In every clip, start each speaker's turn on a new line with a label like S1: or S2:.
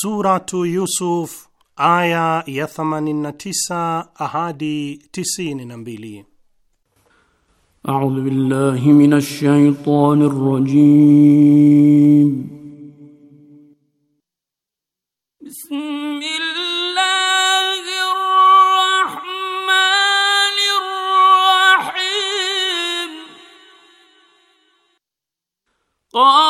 S1: Suratu Yusuf aya ya 89 ahadi 92.
S2: A'udhu billahi minash shaitanir rajim. Bismillah قال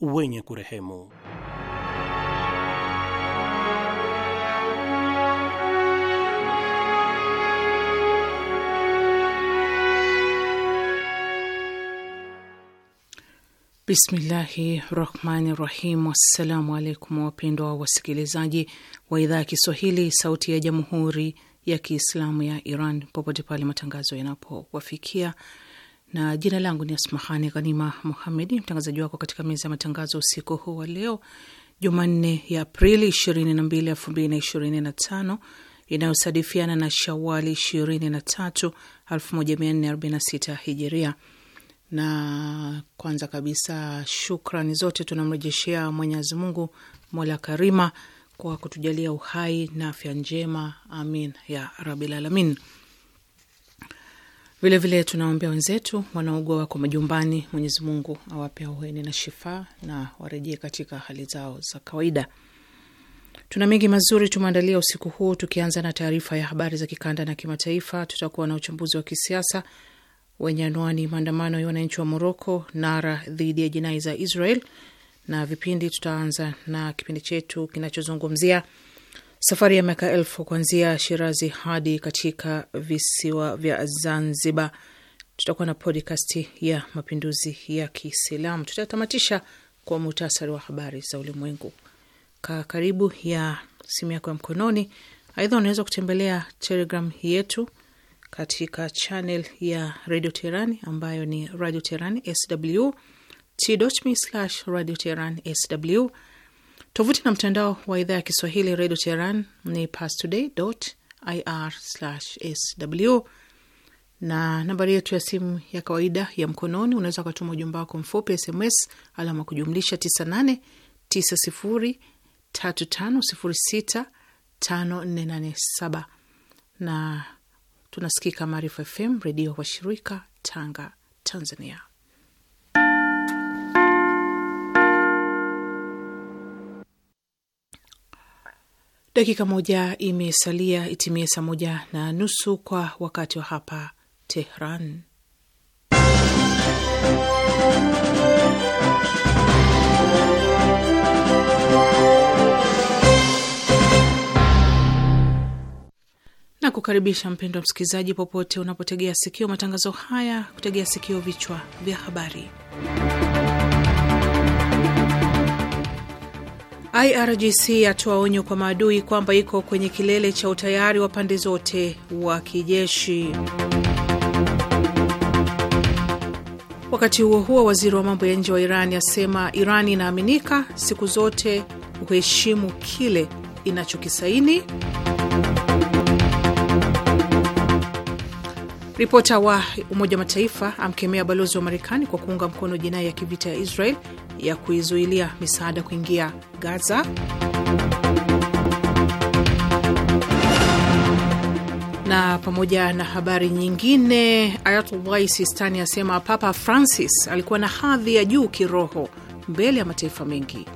S1: wenye kurehemu.
S3: Bismillahi rahmani rahim. Wassalamu alaikum wapendwa wasikilizaji wa idhaa ya Kiswahili sauti ya jamhuri ya Kiislamu ya Iran popote pale matangazo yanapowafikia na jina langu ni Asmahani Ghanima Muhamedi, mtangazaji wako katika meza ya matangazo usiku huu wa leo Jumanne ya Aprili 22, 2025 inayosadifiana na Shawali 23, 1446 Hijiria. Na kwanza kabisa, shukrani zote tunamrejeshea Mwenyezi Mungu mola karima kwa kutujalia uhai na afya njema, amin ya rabil alamin. Vilevile tunaombea wenzetu wanaougua wako majumbani, Mwenyezi Mungu awape ahueni na shifaa na warejee katika hali zao za kawaida. Tuna mengi mazuri tumeandalia usiku huu, tukianza na taarifa ya habari za kikanda na kimataifa. Tutakuwa na uchambuzi wa kisiasa wenye anwani maandamano ya wananchi wa Moroko, nara dhidi ya jinai za Israel, na vipindi tutaanza na kipindi chetu kinachozungumzia Safari ya miaka elfu kuanzia Shirazi hadi katika visiwa vya Zanzibar. Tutakuwa na podkasti ya mapinduzi ya Kiislamu. Tutatamatisha kwa muhtasari wa habari za ulimwengu. Kaa karibu ya simu yako ya mkononi. Aidha, unaweza kutembelea telegram yetu katika channel ya Radio Teherani ambayo ni Radio Teherani sw t.me/radioteherani sw Tovuti na mtandao wa idhaa ya Kiswahili redio Teheran ni pastoday.ir/sw, na nambari yetu ya simu ya kawaida ya mkononi, unaweza ukatuma ujumba wako mfupi SMS alama kujumlisha 989035065487 na tunasikika Maarifa FM redio washirika Tanga, Tanzania. Dakika moja imesalia itimie saa moja na nusu kwa wakati wa hapa Tehran. na kukaribisha wa msikilizaji, popote unapotegea sikio matangazo haya, kutegea sikio vichwa vya habari. IRGC yatoa onyo kwa maadui kwamba iko kwenye kilele cha utayari wa pande zote wa kijeshi. Wakati huo huo, waziri wa mambo ya nje wa Iran asema Iran inaaminika siku zote huheshimu kile inachokisaini. Ripota wa Umoja wa Mataifa amkemea balozi wa Marekani kwa kuunga mkono jinai ya kivita ya Israel ya kuizuilia misaada kuingia Gaza. Na pamoja na habari nyingine, Ayatullah Sistani asema Papa Francis alikuwa na hadhi ya juu kiroho mbele ya mataifa mengi.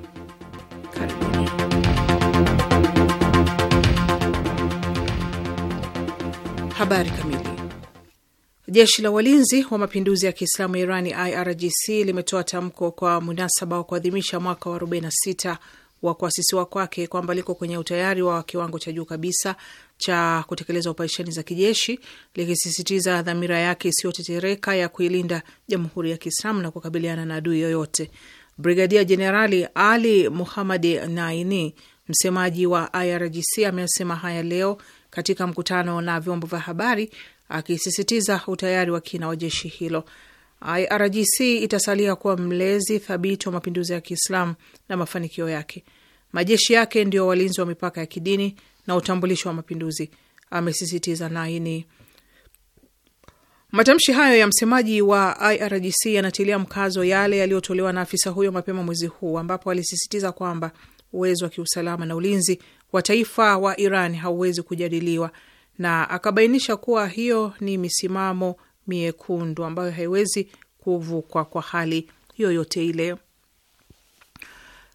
S3: Habari kamili Jeshi la walinzi wa mapinduzi ya Kiislamu Irani, IRGC, limetoa tamko kwa munasaba wa kuadhimisha mwaka wa 46 wa kuasisiwa kwake kwamba liko kwenye utayari wa kiwango cha juu kabisa cha kutekeleza operesheni za kijeshi, likisisitiza dhamira yake isiyotetereka ya kuilinda jamhuri ya Kiislamu na kukabiliana na adui yoyote. Brigadia Jenerali Ali Muhamadi Naini, msemaji wa IRGC, amesema haya leo katika mkutano na vyombo vya habari akisisitiza utayari wa kina wa jeshi hilo. IRGC itasalia kuwa mlezi thabiti wa mapinduzi ya Kiislamu na mafanikio yake. Majeshi yake ndio walinzi wa mipaka ya kidini na utambulisho wa mapinduzi, amesisitiza Naini. Matamshi hayo ya msemaji wa IRGC yanatilia mkazo yale yaliyotolewa na afisa huyo mapema mwezi huu, ambapo alisisitiza kwamba uwezo wa kiusalama na ulinzi wa taifa wa Iran hauwezi kujadiliwa na akabainisha kuwa hiyo ni misimamo miekundu ambayo haiwezi kuvukwa kwa hali yoyote ile.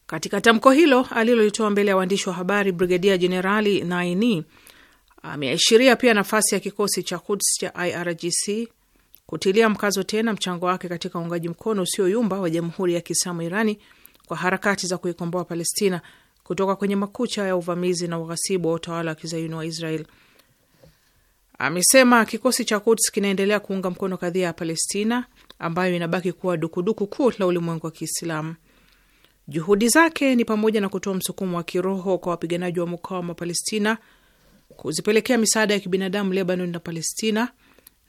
S3: Katika tamko hilo alilolitoa mbele ya waandishi wa habari, Brigedia Jenerali Naini ameashiria pia nafasi ya kikosi cha Quds cha IRGC kutilia mkazo tena mchango wake katika uungaji mkono usioyumba wa Jamhuri ya Kiislamu Irani kwa harakati za kuikomboa Palestina kutoka kwenye makucha ya uvamizi na ughasibu wa utawala wa kizayuni wa Israel amesema kikosi cha Quds kinaendelea kuunga mkono kadhia ya Palestina ambayo inabaki kuwa dukuduku kuu la ulimwengu wa Kiislamu. Juhudi zake ni pamoja na kutoa msukumo wa kiroho kwa wapiganaji wa mukawama wa Palestina, kuzipelekea misaada ya kibinadamu Lebanon na Palestina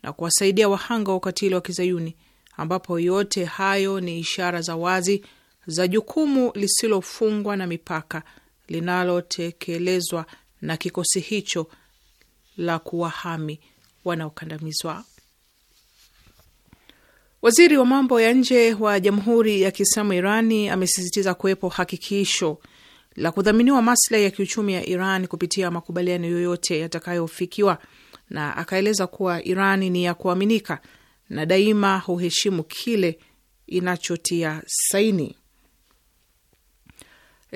S3: na kuwasaidia wahanga wa ukatili wa Kizayuni, ambapo yote hayo ni ishara za wazi za jukumu lisilofungwa na mipaka linalotekelezwa na kikosi hicho la kuwahami wanaokandamizwa. Waziri wa mambo ya nje wa Jamhuri ya Kiislamu Irani amesisitiza kuwepo hakikisho la kudhaminiwa maslahi ya kiuchumi ya Iran kupitia makubaliano yoyote yatakayofikiwa, na akaeleza kuwa Iran ni ya kuaminika na daima huheshimu kile inachotia saini.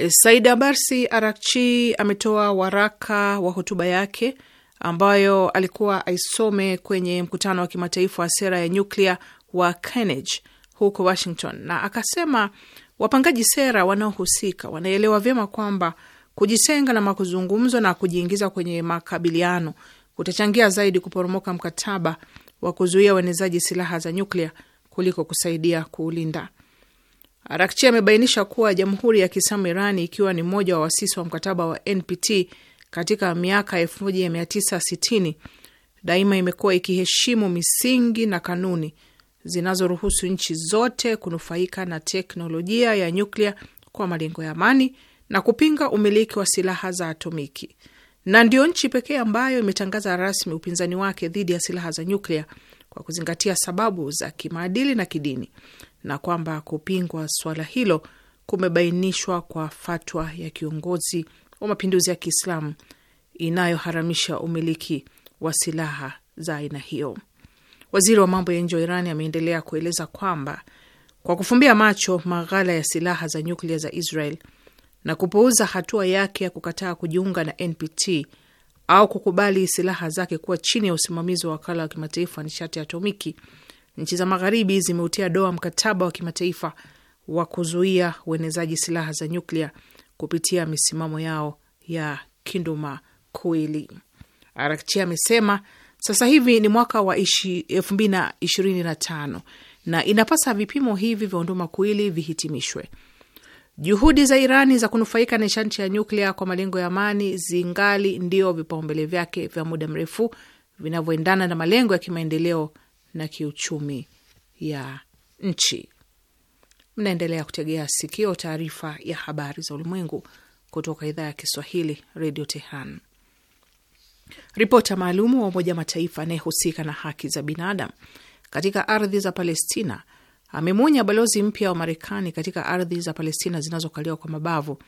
S3: Said Abarsi Arakchi ametoa waraka wa hotuba yake ambayo alikuwa aisome kwenye mkutano wa kimataifa wa sera ya nyuklia wa Carnegie huko Washington, na akasema wapangaji sera wanaohusika wanaelewa vyema kwamba kujitenga na makuzungumzo na kujiingiza kwenye makabiliano kutachangia zaidi kuporomoka mkataba wa kuzuia uenezaji silaha za nyuklia kuliko kusaidia kuulinda. Rakchi amebainisha kuwa Jamhuri ya Kiislamu Irani, ikiwa ni mmoja wa wasisi wa mkataba wa NPT, katika miaka 1960 daima imekuwa ikiheshimu misingi na kanuni zinazoruhusu nchi zote kunufaika na teknolojia ya nyuklia kwa malengo ya amani na kupinga umiliki wa silaha za atomiki, na ndiyo nchi pekee ambayo imetangaza rasmi upinzani wake dhidi ya silaha za nyuklia kwa kuzingatia sababu za kimaadili na kidini, na kwamba kupingwa suala hilo kumebainishwa kwa fatwa ya kiongozi wa mapinduzi ya Kiislamu inayoharamisha umiliki wa silaha za aina hiyo. Waziri wa mambo ya nje wa Irani ameendelea kueleza kwamba kwa kufumbia macho maghala ya silaha za nyuklia za Israel na kupuuza hatua yake ya kukataa kujiunga na NPT au kukubali silaha zake kuwa chini ya usimamizi wa wakala wa kimataifa wa nishati ya atomiki, nchi za magharibi zimeutia doa mkataba wa kimataifa wa kuzuia uenezaji silaha za nyuklia kupitia misimamo yao ya kinduma kuili. Arakchi amesema sasa hivi ni mwaka wa elfu mbili na ishirini na tano na inapasa vipimo hivi vya unduma kuili vihitimishwe. Juhudi za Irani za kunufaika na nishati ya nyuklia kwa malengo ya amani zingali ndio vipaumbele vyake vya muda mrefu vinavyoendana na malengo ya kimaendeleo na kiuchumi ya nchi. Mnaendelea kutegea sikio taarifa ya habari za ulimwengu kutoka idhaa ya Kiswahili Radio Tehran. Ripota maalumu wa Umoja Mataifa anayehusika na haki za binadamu katika ardhi za Palestina amemwonya balozi mpya wa Marekani katika ardhi za Palestina zinazokaliwa kwa mabavu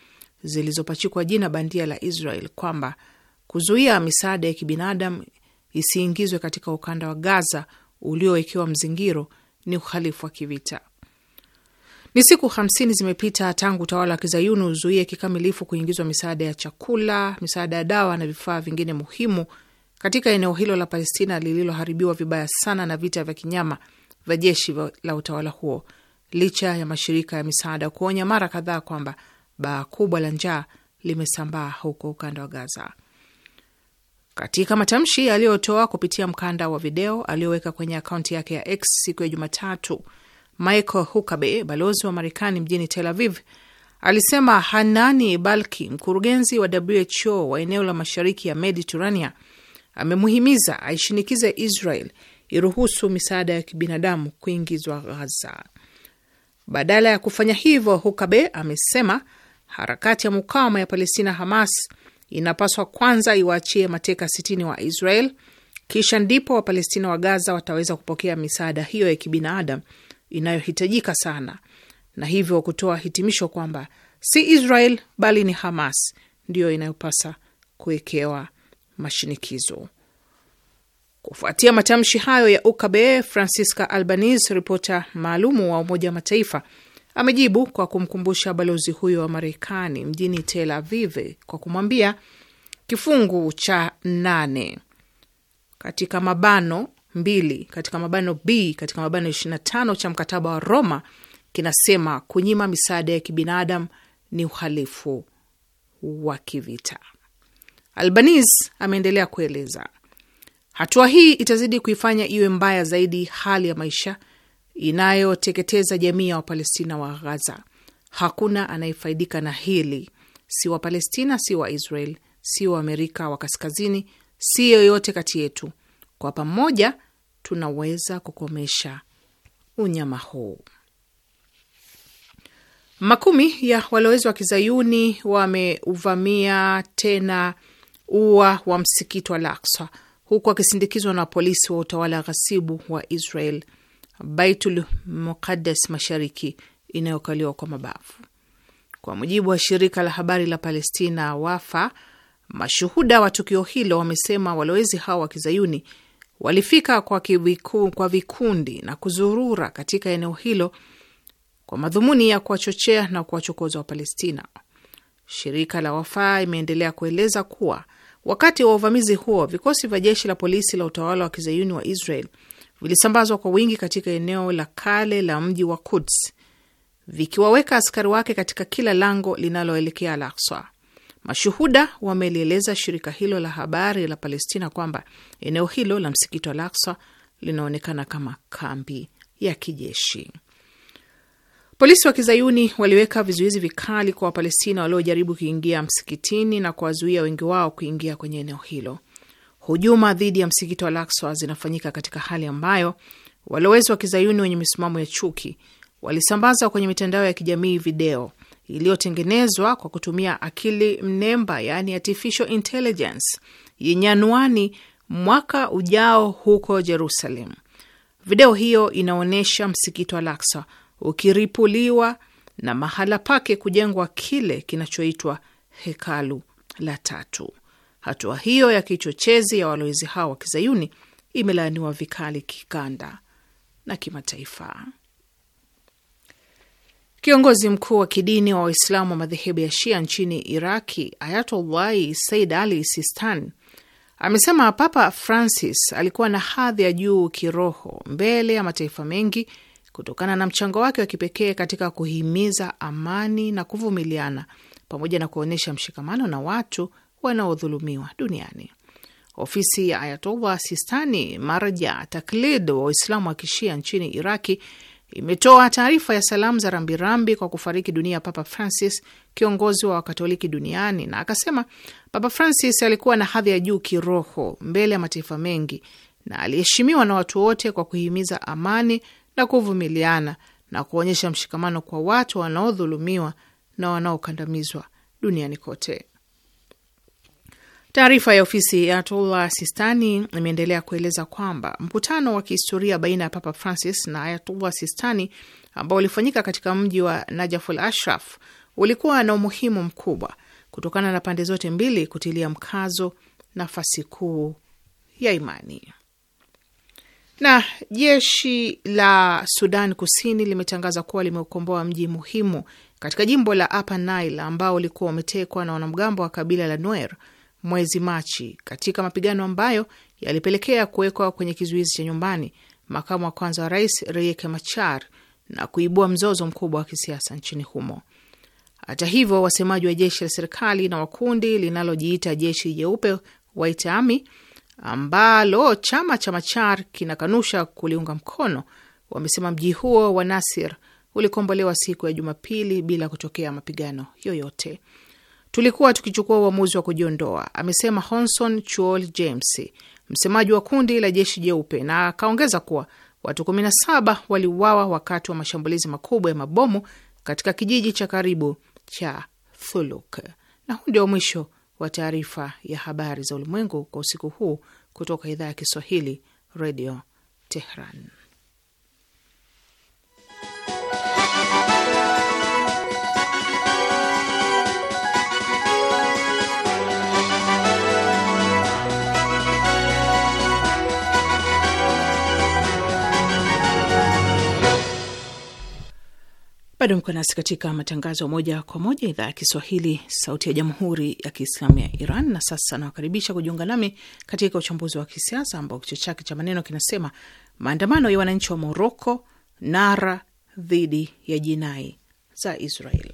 S3: zilizopachikwa jina bandia la Israel kwamba kuzuia misaada ya kibinadamu isiingizwe katika ukanda wa Gaza uliowekewa mzingiro ni uhalifu wa kivita. Ni siku hamsini zimepita tangu utawala wa kizayuni uzuie kikamilifu kuingizwa misaada ya chakula, misaada ya dawa na vifaa vingine muhimu katika eneo hilo la Palestina lililoharibiwa vibaya sana na vita vya kinyama vya jeshi la utawala huo, licha ya mashirika ya misaada kuonya mara kadhaa kwamba baa kubwa la njaa limesambaa huko ukanda wa Gaza. Katika matamshi aliyotoa kupitia mkanda wa video aliyoweka kwenye akaunti yake ya X siku ya Jumatatu, Michael Hukabe, balozi wa Marekani mjini Tel Aviv, alisema Hanani Balki, mkurugenzi wa WHO wa eneo la mashariki ya Mediterania, amemuhimiza aishinikize Israel iruhusu misaada ya kibinadamu kuingizwa Ghaza. Badala ya kufanya hivyo, Hukabe amesema harakati ya mukawama ya Palestina, Hamas, inapaswa kwanza iwaachie mateka 60 wa Israel, kisha ndipo Wapalestina wa Gaza wataweza kupokea misaada hiyo ya kibinadamu inayohitajika sana, na hivyo kutoa hitimisho kwamba si Israel bali ni Hamas ndiyo inayopasa kuwekewa mashinikizo. Kufuatia matamshi hayo ya Ukabe, Francisca Albanese, ripota maalumu wa Umoja wa Mataifa, amejibu kwa kumkumbusha balozi huyo wa Marekani mjini Tel Aviv kwa kumwambia kifungu cha nane katika mabano mbili katika mabano b katika mabano tano cha mkataba wa Roma kinasema kunyima misaada ya kibinadamu ni uhalifu wa kivita. Albanese ameendelea kueleza, hatua hii itazidi kuifanya iwe mbaya zaidi hali ya maisha inayoteketeza jamii ya Wapalestina wa Ghaza. Hakuna anayefaidika na hili, si Wapalestina, si Waisrael, si Waamerika wa kaskazini, si yoyote kati yetu. Kwa pamoja tunaweza kukomesha unyama huu. Makumi ya walowezi wa kizayuni wameuvamia tena ua wa msikiti wa Al-Aqsa huku wakisindikizwa na polisi wa utawala ghasibu wa Israel Baitul Muqaddas mashariki inayokaliwa kwa mabavu. Kwa mujibu wa shirika la habari la Palestina Wafa, mashuhuda wa tukio hilo wamesema walowezi hao wa kizayuni walifika kwa, kibiku, kwa vikundi na kuzurura katika eneo hilo kwa madhumuni ya kuwachochea na kuwachokoza Wapalestina. Shirika la Wafaa imeendelea kueleza kuwa wakati wa uvamizi huo vikosi vya jeshi la polisi la utawala wa kizayuni wa Israel vilisambazwa kwa wingi katika eneo la kale la mji wa Kuds vikiwaweka askari wake katika kila lango linaloelekea Al-Aqsa. Mashuhuda wamelieleza shirika hilo la habari la Palestina kwamba eneo hilo la msikiti wa Al-Aqsa linaonekana kama kambi ya kijeshi. Polisi wa kizayuni waliweka vizuizi vikali kwa Wapalestina waliojaribu kuingia msikitini na kuwazuia wengi wao kuingia kwenye eneo hilo. Hujuma dhidi ya msikiti wa Al-Aqsa zinafanyika katika hali ambayo walowezi wa kizayuni wenye misimamo ya chuki walisambaza kwenye mitandao ya kijamii video iliyotengenezwa kwa kutumia akili mnemba, yaani artificial intelligence, yenye anwani mwaka ujao huko Jerusalem. Video hiyo inaonyesha msikiti wa Al-Aqsa ukiripuliwa na mahala pake kujengwa kile kinachoitwa hekalu la tatu. Hatua hiyo ya kichochezi ya walowezi hao wa kizayuni imelaaniwa vikali kikanda na kimataifa. Kiongozi mkuu wa kidini wa Waislamu wa madhehebu ya Shia nchini Iraki, Ayatullahi Said Ali Sistan, amesema Papa Francis alikuwa na hadhi ya juu kiroho mbele ya mataifa mengi kutokana na mchango wake wa kipekee katika kuhimiza amani na kuvumiliana pamoja na kuonyesha mshikamano na watu wanaodhulumiwa duniani. Ofisi ya Ayatollah Sistani, marja taklid wa Waislamu wa kishia nchini Iraki, imetoa taarifa ya salamu za rambirambi kwa kufariki dunia Papa Francis, kiongozi wa Wakatoliki duniani, na akasema Papa Francis alikuwa na hadhi ya juu kiroho mbele ya mataifa mengi na aliheshimiwa na watu wote kwa kuhimiza amani na kuvumiliana na kuonyesha mshikamano kwa watu wanaodhulumiwa na wanaokandamizwa duniani kote. Taarifa ya ofisi ya Ayatullah Sistani imeendelea kueleza kwamba mkutano wa kihistoria baina ya Papa Francis na Ayatullah Sistani ambao ulifanyika katika mji wa Najaful Ashraf ulikuwa na umuhimu mkubwa kutokana na pande zote mbili kutilia mkazo nafasi kuu ya imani. Na jeshi la Sudan Kusini limetangaza kuwa limeukomboa mji muhimu katika jimbo la Upper Nile ambao ulikuwa umetekwa na wanamgambo wa kabila la Nuer mwezi Machi katika mapigano ambayo yalipelekea kuwekwa kwenye kizuizi cha nyumbani makamu wa kwanza wa rais Riek Machar na kuibua mzozo mkubwa wa kisiasa nchini humo. Hata hivyo, wasemaji wa jeshi la serikali na wakundi linalojiita jeshi jeupe White Army ambalo chama cha Machar kinakanusha kuliunga mkono wamesema mji huo wa Nasir ulikombolewa siku ya Jumapili bila kutokea mapigano yoyote tulikuwa tukichukua uamuzi wa kujiondoa, amesema Honson Chuol James, msemaji wa kundi la jeshi jeupe, na akaongeza kuwa watu 17 waliuawa wakati wa mashambulizi makubwa ya mabomu katika kijiji cha karibu cha Thuluk. Na huu ndio mwisho wa taarifa ya habari za ulimwengu kwa usiku huu kutoka idhaa ya Kiswahili, Radio Tehran. Bado mko nasi katika matangazo moja kwa moja, idhaa ya Kiswahili, sauti ya jamhuri ya kiislamu ya Iran. Na sasa nawakaribisha kujiunga nami katika uchambuzi wa kisiasa ambao kichwa chake cha maneno kinasema maandamano ya wananchi wa Moroko, nara dhidi ya jinai za Israeli.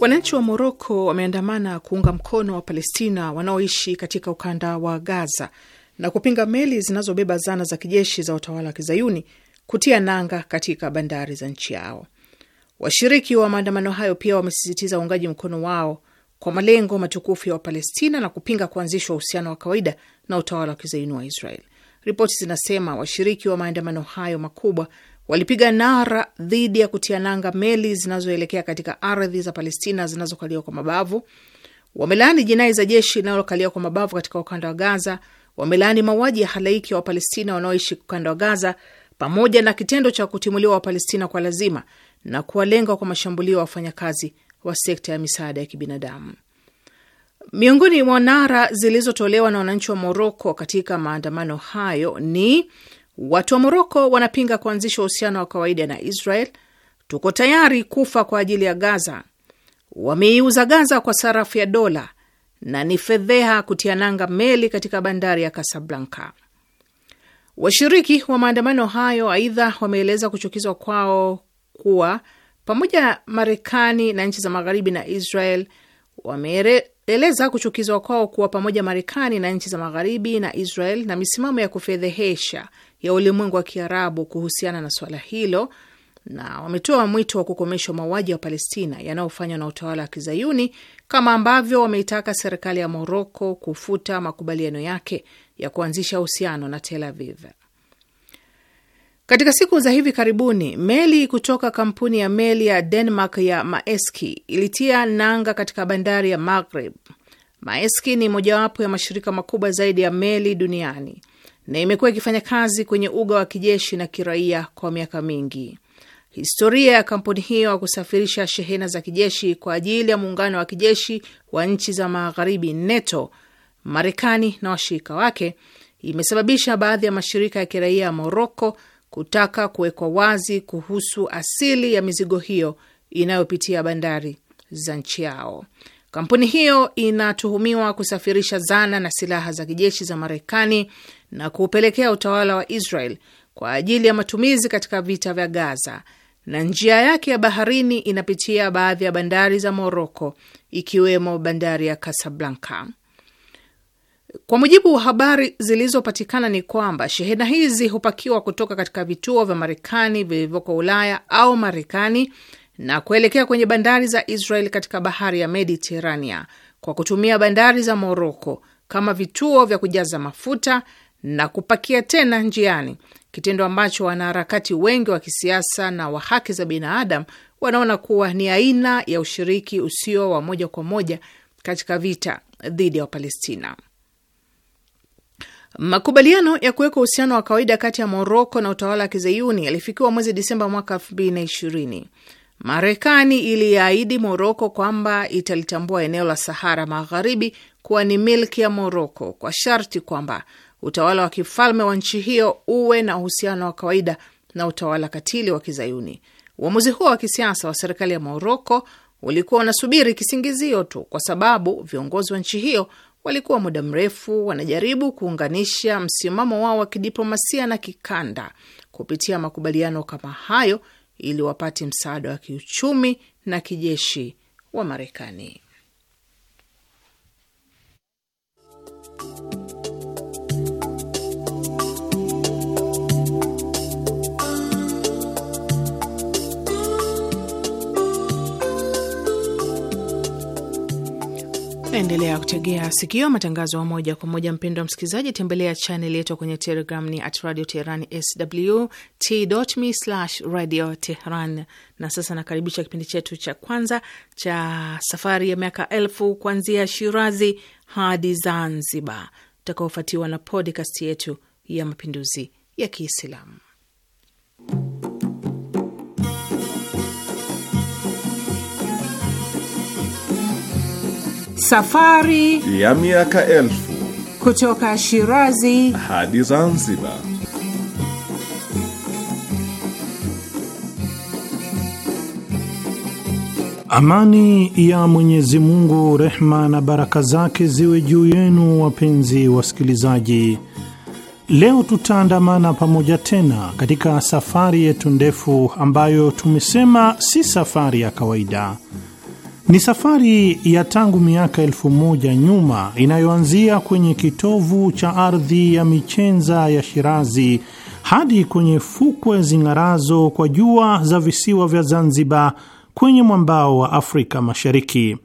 S3: Wananchi wa Moroko wameandamana kuunga mkono wa Palestina wanaoishi katika ukanda wa Gaza na kupinga meli zinazobeba zana za kijeshi za utawala wa kizayuni kutia nanga katika bandari za nchi yao. Washiriki wa maandamano hayo pia wamesisitiza uungaji mkono wao kwa malengo matukufu ya Wapalestina na kupinga kuanzishwa uhusiano wa kawaida na utawala wa kizayuni wa Israel. Ripoti zinasema washiriki wa maandamano hayo makubwa walipiga nara dhidi ya kutia nanga meli zinazoelekea katika ardhi za Palestina zinazokaliwa kwa mabavu. Wamelaani jinai za jeshi linalokaliwa kwa mabavu katika ukanda wa Gaza. Wamelaani mauaji ya halaiki ya wa Wapalestina wanaoishi ukanda wa Gaza pamoja na kitendo cha kutimuliwa Wapalestina kwa lazima na kuwalenga kwa mashambulio ya wafanyakazi wa sekta ya misaada ya kibinadamu. Miongoni mwa nara zilizotolewa na wananchi wa Moroko katika maandamano hayo ni Watu wa Moroko wanapinga kuanzisha uhusiano wa kawaida na Israel. Tuko tayari kufa kwa ajili ya Gaza. Wameiuza Gaza kwa sarafu ya dola na ni fedheha kutia nanga meli katika bandari ya Kasablanka. Washiriki wa maandamano hayo aidha wameeleza kuchukizwa kwao kuwa pamoja Marekani na nchi za magharibi na Israel. Wameeleza kuchukizwa kwao kuwa pamoja Marekani na nchi za magharibi na Israel na misimamo ya kufedhehesha ya ulimwengu wa Kiarabu kuhusiana na swala hilo na wametoa mwito wa kukomeshwa mauaji ya Palestina yanayofanywa na utawala wa Kizayuni, kama ambavyo wameitaka serikali ya Moroko kufuta makubaliano yake ya kuanzisha uhusiano na Tel Aviv. Katika siku za hivi karibuni, meli kutoka kampuni ya meli ya Denmark ya Maeski ilitia nanga katika bandari ya Maghreb. Maeski ni mojawapo ya mashirika makubwa zaidi ya meli duniani na imekuwa ikifanya kazi kwenye uga wa kijeshi na kiraia kwa miaka mingi. Historia ya kampuni hiyo ya kusafirisha shehena za kijeshi kwa ajili ya muungano wa kijeshi wa nchi za magharibi NATO, Marekani na washirika wake imesababisha baadhi ya mashirika ya kiraia ya Moroko kutaka kuwekwa wazi kuhusu asili ya mizigo hiyo inayopitia bandari za nchi yao. Kampuni hiyo inatuhumiwa kusafirisha zana na silaha za kijeshi za Marekani na kuupelekea utawala wa Israel kwa ajili ya matumizi katika vita vya Gaza, na njia yake ya baharini inapitia baadhi ya bandari za Moroko ikiwemo bandari ya Kasablanka. Kwa mujibu wa habari zilizopatikana ni kwamba shehena hizi hupakiwa kutoka katika vituo vya Marekani vilivyoko Ulaya au Marekani na kuelekea kwenye bandari za Israel katika bahari ya Mediterania kwa kutumia bandari za Moroko kama vituo vya kujaza mafuta na kupakia tena njiani, kitendo ambacho wanaharakati wengi wa kisiasa na wa haki za binadamu wanaona kuwa ni aina ya ushiriki usio wa moja kwa moja katika vita dhidi ya Wapalestina. Makubaliano ya kuweka uhusiano wa kawaida kati ya Moroko na utawala wa kizayuni yalifikiwa mwezi Disemba mwaka 2020. Marekani iliahidi Moroko kwamba italitambua eneo la Sahara Magharibi kuwa ni milki ya Moroko kwa sharti kwamba utawala wa kifalme wa nchi hiyo uwe na uhusiano wa kawaida na utawala katili wa Kizayuni. Uamuzi huo wa kisiasa wa serikali ya Moroko ulikuwa unasubiri kisingizio tu, kwa sababu viongozi wa nchi hiyo walikuwa muda mrefu wanajaribu kuunganisha msimamo wao wa kidiplomasia na kikanda kupitia makubaliano kama hayo ili wapate msaada wa kiuchumi na kijeshi wa Marekani. naendelea kutegea sikio matangazo ya moja kwa moja, mpendo wa msikilizaji. Tembelea chaneli yetu kwenye Telegram ni at radio Teheran sw t.me slash radio Teheran. Na sasa nakaribisha kipindi chetu cha kwanza cha safari ya miaka elfu kuanzia Shirazi hadi Zanzibar, utakaofuatiwa na podcast yetu ya mapinduzi ya Kiislamu. Safari ya miaka elfu kutoka Shirazi
S4: hadi Zanzibar.
S1: Amani ya Mwenyezi Mungu, rehma na baraka zake ziwe juu yenu, wapenzi wasikilizaji. Leo tutaandamana pamoja tena katika safari yetu ndefu ambayo tumesema si safari ya kawaida ni safari ya tangu miaka elfu moja nyuma inayoanzia kwenye kitovu cha ardhi ya michenza ya Shirazi hadi kwenye fukwe zing'arazo kwa jua za visiwa vya Zanzibar kwenye mwambao wa Afrika Mashariki.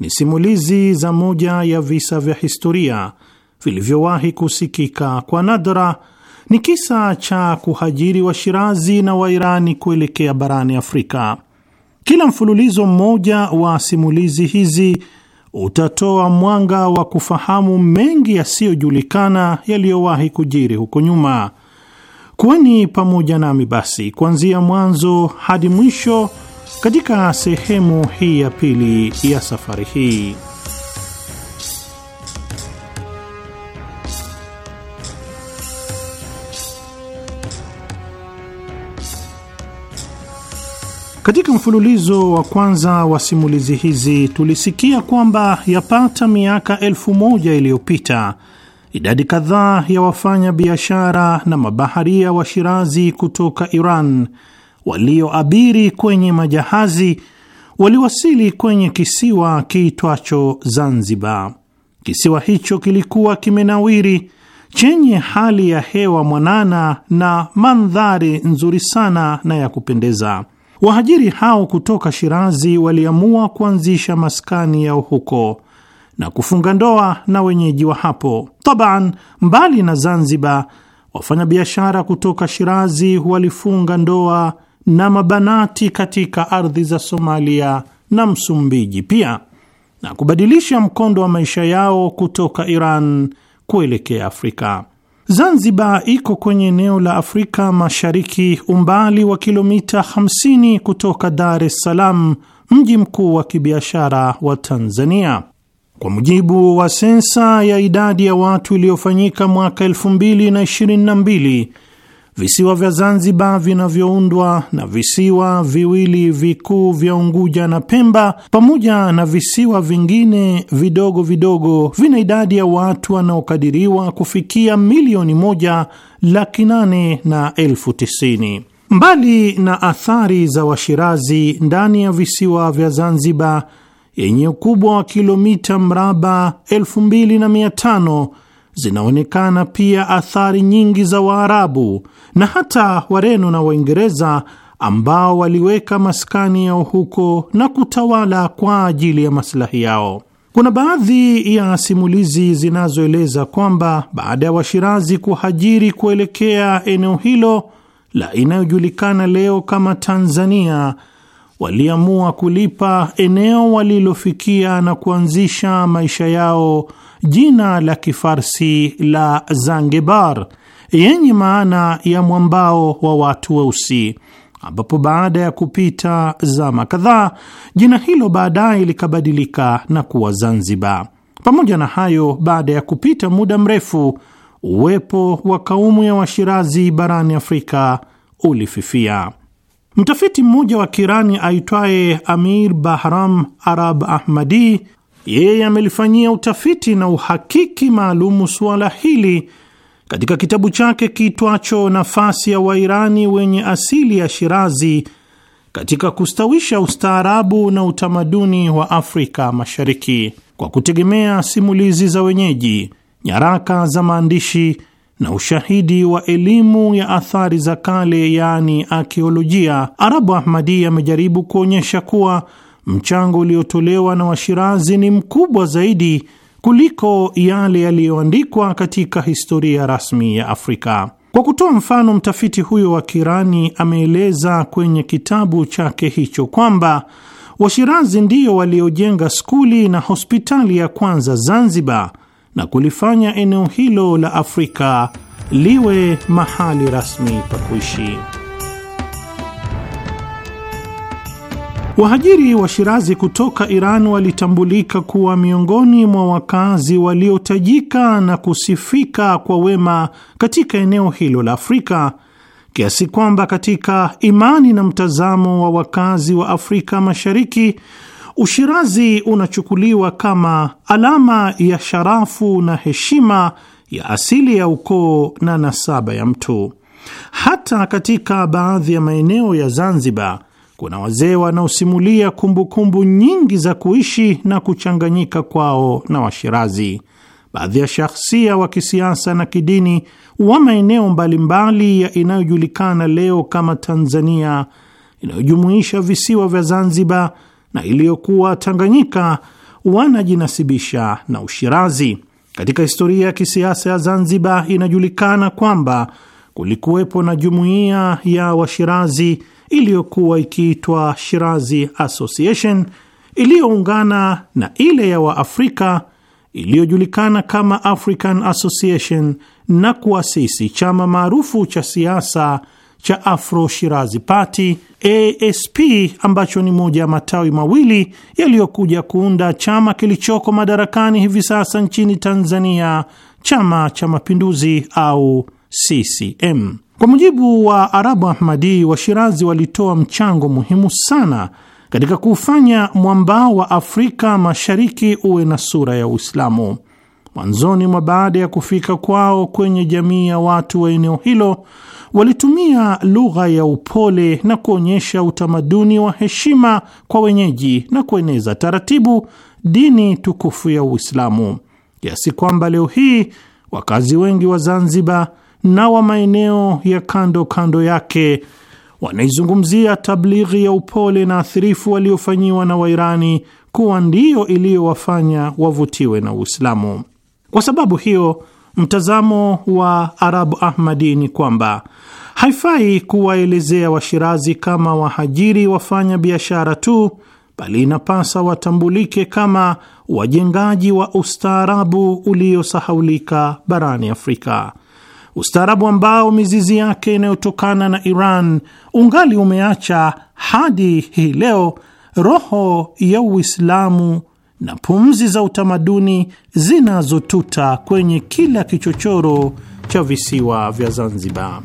S1: Ni simulizi za moja ya visa vya historia vilivyowahi kusikika kwa nadra. Ni kisa cha kuhajiri Washirazi na Wairani kuelekea barani Afrika. Kila mfululizo mmoja wa simulizi hizi utatoa mwanga wa kufahamu mengi yasiyojulikana yaliyowahi kujiri huko nyuma. kweni pamoja nami basi kuanzia mwanzo hadi mwisho katika sehemu hii ya pili ya safari hii. Katika mfululizo wa kwanza wa simulizi hizi tulisikia kwamba yapata miaka elfu moja iliyopita idadi kadhaa ya wafanya biashara na mabaharia wa Shirazi kutoka Iran walioabiri kwenye majahazi waliwasili kwenye kisiwa kiitwacho Zanzibar. Kisiwa hicho kilikuwa kimenawiri, chenye hali ya hewa mwanana na mandhari nzuri sana na ya kupendeza. Wahajiri hao kutoka Shirazi waliamua kuanzisha maskani yao huko na kufunga ndoa na wenyeji wa hapo. Taban, mbali na Zanzibar, wafanyabiashara kutoka Shirazi walifunga ndoa na mabanati katika ardhi za Somalia na Msumbiji pia na kubadilisha mkondo wa maisha yao kutoka Iran kuelekea Afrika. Zanzibar iko kwenye eneo la Afrika Mashariki, umbali wa kilomita 50 kutoka Dar es Salaam, mji mkuu wa kibiashara wa Tanzania. Kwa mujibu wa sensa ya idadi ya watu iliyofanyika mwaka 2022, Visiwa vya Zanzibar vinavyoundwa na visiwa viwili vikuu vya Unguja na Pemba pamoja na visiwa vingine vidogo vidogo vina idadi ya watu wanaokadiriwa kufikia milioni moja laki nane na elfu tisini. Mbali na athari za Washirazi ndani ya visiwa vya Zanzibar yenye ukubwa wa kilomita mraba elfu mbili na mia tano zinaonekana pia athari nyingi za Waarabu na hata Wareno na Waingereza ambao waliweka maskani yao huko na kutawala kwa ajili ya maslahi yao. Kuna baadhi ya simulizi zinazoeleza kwamba baada ya Washirazi kuhajiri kuelekea eneo hilo la inayojulikana leo kama Tanzania waliamua kulipa eneo walilofikia na kuanzisha maisha yao jina la Kifarsi la Zangebar yenye maana ya mwambao wa watu weusi, ambapo baada ya kupita zama kadhaa jina hilo baadaye likabadilika na kuwa Zanzibar. Pamoja na hayo, baada ya kupita muda mrefu, uwepo wa kaumu ya Washirazi barani Afrika ulififia. Mtafiti mmoja wa Kirani aitwaye Amir Bahram Arab Ahmadi, yeye amelifanyia utafiti na uhakiki maalumu suala hili katika kitabu chake kiitwacho Nafasi ya Wairani wenye asili ya Shirazi katika kustawisha ustaarabu na utamaduni wa Afrika Mashariki kwa kutegemea simulizi za wenyeji, nyaraka za maandishi na ushahidi wa elimu ya athari za kale, yaani akiolojia, Arabu Ahmadi amejaribu kuonyesha kuwa mchango uliotolewa na Washirazi ni mkubwa zaidi kuliko yale yaliyoandikwa katika historia rasmi ya Afrika. Kwa kutoa mfano, mtafiti huyo wa Kirani ameeleza kwenye kitabu chake hicho kwamba Washirazi ndiyo waliojenga skuli na hospitali ya kwanza Zanzibar na kulifanya eneo hilo la Afrika liwe mahali rasmi pa kuishi. Wahajiri wa Shirazi kutoka Iran walitambulika kuwa miongoni mwa wakazi waliotajika na kusifika kwa wema katika eneo hilo la Afrika kiasi kwamba katika imani na mtazamo wa wakazi wa Afrika Mashariki Ushirazi unachukuliwa kama alama ya sharafu na heshima ya asili ya ukoo na nasaba ya mtu. Hata katika baadhi ya maeneo ya Zanzibar kuna wazee wanaosimulia kumbukumbu nyingi za kuishi na kuchanganyika kwao na Washirazi. Baadhi ya shahsia wa kisiasa na kidini wa maeneo mbalimbali ya inayojulikana leo kama Tanzania inayojumuisha visiwa vya Zanzibar na iliyokuwa Tanganyika wanajinasibisha na Ushirazi. Katika historia ya kisiasa ya Zanzibar inajulikana kwamba kulikuwepo na jumuiya ya Washirazi iliyokuwa ikiitwa Shirazi Association iliyoungana na ile ya Waafrika iliyojulikana kama African Association na kuasisi chama maarufu cha siasa cha Afro Shirazi Party ASP ambacho ni moja ya matawi mawili yaliyokuja kuunda chama kilichoko madarakani hivi sasa nchini Tanzania, Chama cha Mapinduzi au CCM. Kwa mujibu wa Arabu Ahmadi, Washirazi walitoa mchango muhimu sana katika kuufanya mwambao wa Afrika Mashariki uwe na sura ya Uislamu. Mwanzoni mwa baada ya kufika kwao kwenye jamii ya watu wa eneo hilo, walitumia lugha ya upole na kuonyesha utamaduni wa heshima kwa wenyeji na kueneza taratibu dini tukufu ya Uislamu, kiasi kwamba leo hii wakazi wengi wa Zanzibar na wa maeneo ya kando kando yake wanaizungumzia tablighi ya upole na athirifu waliofanyiwa na Wairani kuwa ndiyo iliyowafanya wavutiwe na Uislamu. Kwa sababu hiyo, mtazamo wa Arabu Ahmadi ni kwamba haifai kuwaelezea Washirazi kama wahajiri wafanya biashara tu, bali inapasa watambulike kama wajengaji wa ustaarabu uliosahaulika barani Afrika, ustaarabu ambao mizizi yake inayotokana na Iran ungali umeacha hadi hii leo roho ya Uislamu na pumzi za utamaduni zinazotuta kwenye kila kichochoro cha visiwa vya Zanzibar.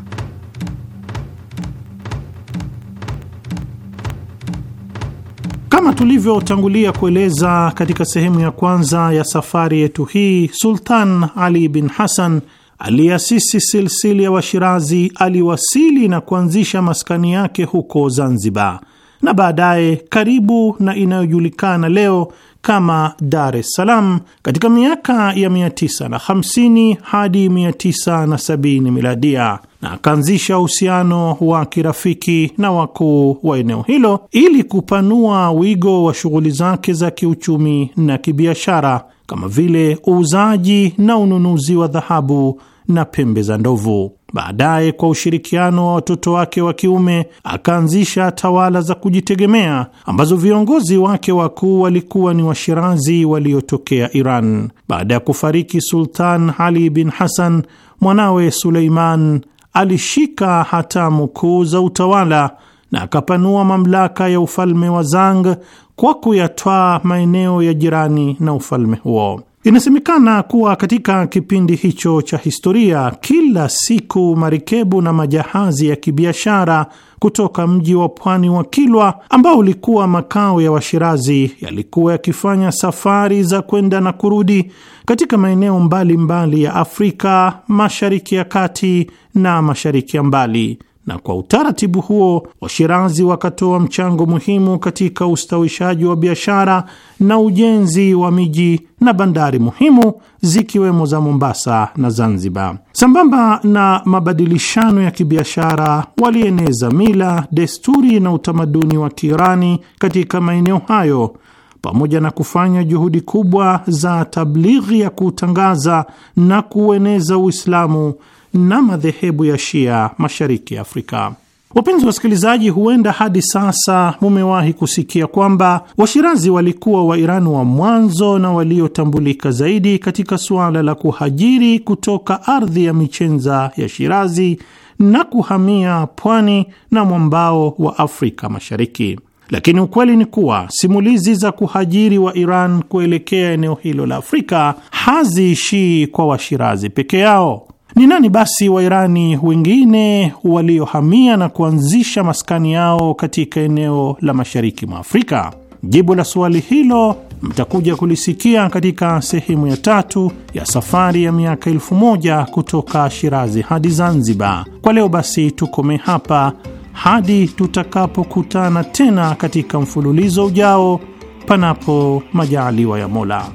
S1: Kama tulivyotangulia kueleza katika sehemu ya kwanza ya safari yetu hii, Sultan Ali bin Hassan aliyeasisi silsili ya Washirazi aliwasili na kuanzisha maskani yake huko Zanzibar, na baadaye karibu na inayojulikana leo kama Dar es Salaam katika miaka ya 950 hadi 970 miladia na akaanzisha uhusiano wa kirafiki na wakuu wa eneo hilo ili kupanua wigo wa shughuli zake za kiuchumi na kibiashara kama vile uuzaji na ununuzi wa dhahabu na pembe za ndovu. Baadaye, kwa ushirikiano wa watoto wake wa kiume, akaanzisha tawala za kujitegemea ambazo viongozi wake wakuu walikuwa ni Washirazi waliotokea Iran. Baada ya kufariki Sultan Ali bin Hassan, mwanawe Suleiman alishika hatamu kuu za utawala na akapanua mamlaka ya ufalme wa Zang kwa kuyatwaa maeneo ya jirani na ufalme huo. Inasemekana kuwa katika kipindi hicho cha historia, kila siku marekebu na majahazi ya kibiashara kutoka mji wa pwani wa Kilwa ambao ulikuwa makao ya Washirazi yalikuwa yakifanya safari za kwenda na kurudi katika maeneo mbalimbali ya Afrika, Mashariki ya Kati na Mashariki ya Mbali na kwa utaratibu huo Washirazi wakatoa mchango muhimu katika ustawishaji wa biashara na ujenzi wa miji na bandari muhimu zikiwemo za Mombasa na Zanzibar. Sambamba na mabadilishano ya kibiashara, walieneza mila, desturi na utamaduni wa Kiirani katika maeneo hayo pamoja na kufanya juhudi kubwa za tablighi ya kuutangaza na kuueneza Uislamu na madhehebu ya Shia mashariki Afrika. Wapenzi wasikilizaji, huenda hadi sasa mumewahi kusikia kwamba Washirazi walikuwa Iran wa mwanzo na waliotambulika zaidi katika suala la kuhajiri kutoka ardhi ya michenza ya Shirazi na kuhamia pwani na mwambao wa Afrika Mashariki. Lakini ukweli ni kuwa simulizi za kuhajiri wa Iran kuelekea eneo hilo la Afrika haziishii kwa Washirazi peke yao. Ni nani basi Wairani wengine waliohamia na kuanzisha maskani yao katika eneo la mashariki mwa Afrika? Jibu la suali hilo mtakuja kulisikia katika sehemu ya tatu ya safari ya miaka elfu moja kutoka Shirazi hadi Zanzibar. Kwa leo basi tukome hapa hadi tutakapokutana tena katika mfululizo ujao, panapo majaaliwa ya Mola.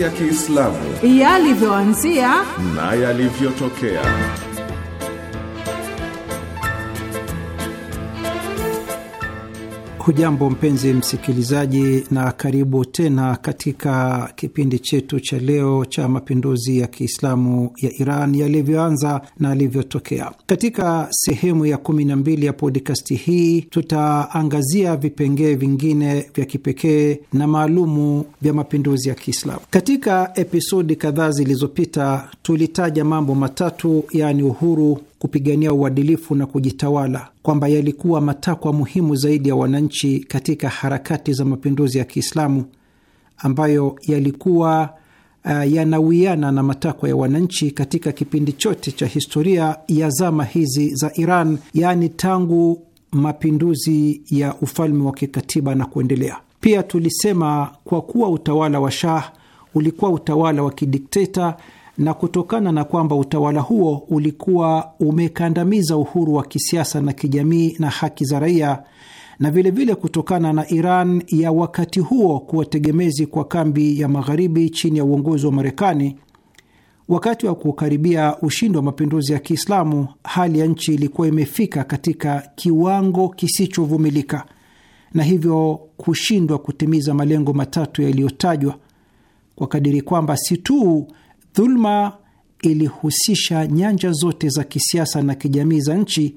S5: mapinduzi ya Kiislamu
S3: yalivyoanzia
S5: na yalivyotokea.
S4: Hujambo mpenzi msikilizaji, na karibu tena katika kipindi chetu cha leo cha mapinduzi ya Kiislamu ya Iran yalivyoanza na yalivyotokea. Katika sehemu ya kumi na mbili ya podkasti hii tutaangazia vipengee vingine vya kipekee na maalumu vya mapinduzi ya Kiislamu. Katika episodi kadhaa zilizopita tulitaja mambo matatu, yaani uhuru kupigania uadilifu na kujitawala, kwamba yalikuwa matakwa muhimu zaidi ya wananchi katika harakati za mapinduzi ya Kiislamu ambayo yalikuwa uh, yanawiana na matakwa ya wananchi katika kipindi chote cha historia ya zama hizi za Iran, yaani tangu mapinduzi ya ufalme wa kikatiba na kuendelea. Pia tulisema kwa kuwa utawala wa Shah ulikuwa utawala wa kidikteta na kutokana na kwamba utawala huo ulikuwa umekandamiza uhuru wa kisiasa na kijamii na haki za raia, na vilevile vile kutokana na Iran ya wakati huo kuwa tegemezi kwa kambi ya Magharibi chini ya uongozi wa Marekani. Wakati wa kukaribia ushindi wa mapinduzi ya Kiislamu, hali ya nchi ilikuwa imefika katika kiwango kisichovumilika na hivyo kushindwa kutimiza malengo matatu yaliyotajwa, kwa kadiri kwamba si tu Dhuluma ilihusisha nyanja zote za kisiasa na kijamii za nchi,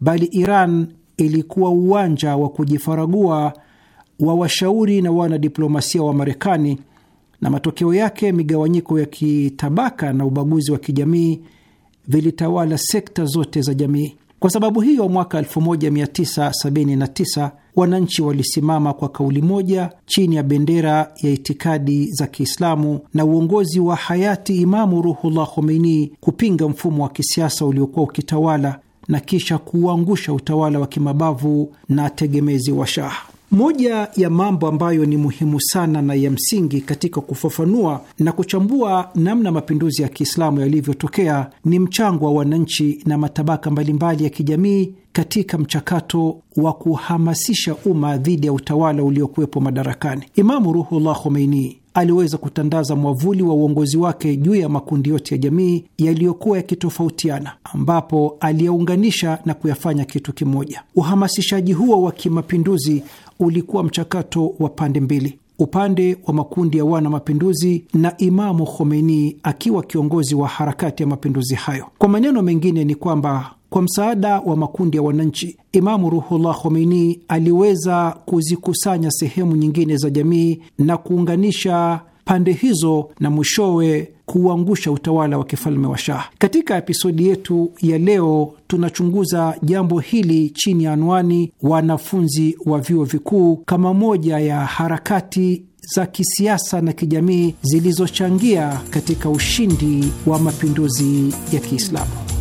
S4: bali Iran ilikuwa uwanja wa kujifaragua wa washauri na wanadiplomasia wa Marekani, na matokeo yake migawanyiko ya kitabaka na ubaguzi wa kijamii vilitawala sekta zote za jamii. Kwa sababu hiyo, mwaka 1979 wananchi walisimama kwa kauli moja chini ya bendera ya itikadi za Kiislamu na uongozi wa hayati Imamu Ruhullah Khomeini kupinga mfumo wa kisiasa uliokuwa ukitawala na kisha kuuangusha utawala wa kimabavu na tegemezi wa shaha. Moja ya mambo ambayo ni muhimu sana na ya msingi katika kufafanua na kuchambua namna mapinduzi ya Kiislamu yalivyotokea ni mchango wa wananchi na matabaka mbalimbali ya kijamii katika mchakato wa kuhamasisha umma dhidi ya utawala uliokuwepo madarakani. Imamu Ruhullah Khomeini aliweza kutandaza mwavuli wa uongozi wake juu ya makundi yote ya jamii yaliyokuwa yakitofautiana, ambapo aliyaunganisha na kuyafanya kitu kimoja. Uhamasishaji huo wa kimapinduzi ulikuwa mchakato wa pande mbili, upande wa makundi ya wana mapinduzi na Imamu Khomeini akiwa kiongozi wa harakati ya mapinduzi hayo. Kwa maneno mengine ni kwamba kwa msaada wa makundi ya wananchi, Imamu Ruhullah Khomeini aliweza kuzikusanya sehemu nyingine za jamii na kuunganisha pande hizo na mwishowe kuuangusha utawala wa kifalme wa Shah. Katika episodi yetu ya leo, tunachunguza jambo hili chini ya anwani wanafunzi wa vyuo vikuu kama moja ya harakati za kisiasa na kijamii zilizochangia katika ushindi wa mapinduzi ya Kiislamu.